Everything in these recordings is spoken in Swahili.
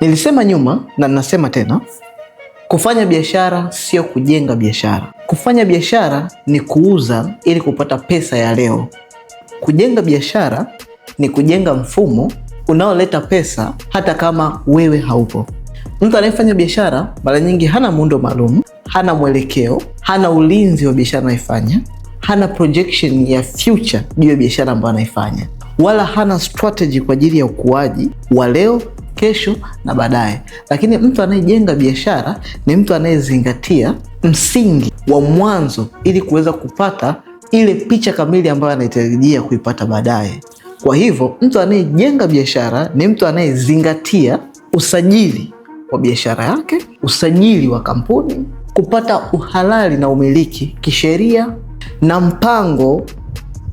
Nilisema nyuma na ninasema tena, kufanya biashara sio kujenga biashara. Kufanya biashara ni kuuza ili kupata pesa ya leo. Kujenga biashara ni kujenga mfumo unaoleta pesa hata kama wewe haupo. Mtu anayefanya biashara mara nyingi hana muundo maalum, hana mwelekeo, hana ulinzi wa biashara anaifanya, hana projection ya future juu ya biashara ambayo anaifanya, wala hana strategy kwa ajili ya ukuaji wa leo kesho na baadaye. Lakini mtu anayejenga biashara ni mtu anayezingatia msingi wa mwanzo ili kuweza kupata ile picha kamili ambayo anaitarajia kuipata baadaye. Kwa hivyo mtu anayejenga biashara ni mtu anayezingatia usajili wa biashara yake, usajili wa kampuni, kupata uhalali na umiliki kisheria na mpango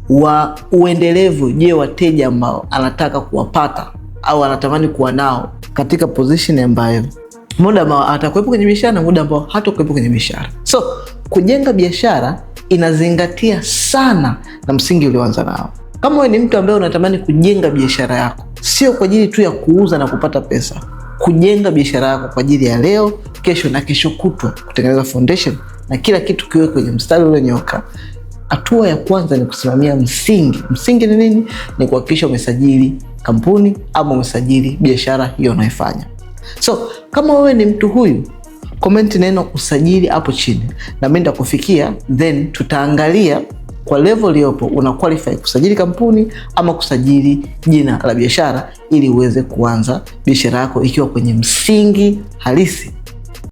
wa uendelevu. Je, wateja ambao anataka kuwapata au anatamani kuwa nao katika position ambayo muda ambao atakuwepo kwenye biashara na muda ambao hatakuwepo kwenye biashara. So kujenga biashara inazingatia sana na msingi ulioanza nao. Kama wewe ni mtu ambaye unatamani kujenga biashara yako, sio kwa ajili tu ya kuuza na kupata pesa, kujenga biashara yako kwa ajili ya leo, kesho na kesho kutwa, kutengeneza foundation na kila kitu kiwe kwenye mstari ulionyoka. Hatua ya kwanza ni kusimamia msingi. Msingi ni nini? Ni kuhakikisha umesajili kampuni ama umesajili biashara hiyo unaifanya. So kama wewe ni mtu huyu, komenti neno usajili hapo chini na mimi nitakufikia, then tutaangalia kwa level iliyopo una qualify kusajili kampuni ama kusajili jina la biashara ili uweze kuanza biashara yako ikiwa kwenye msingi halisi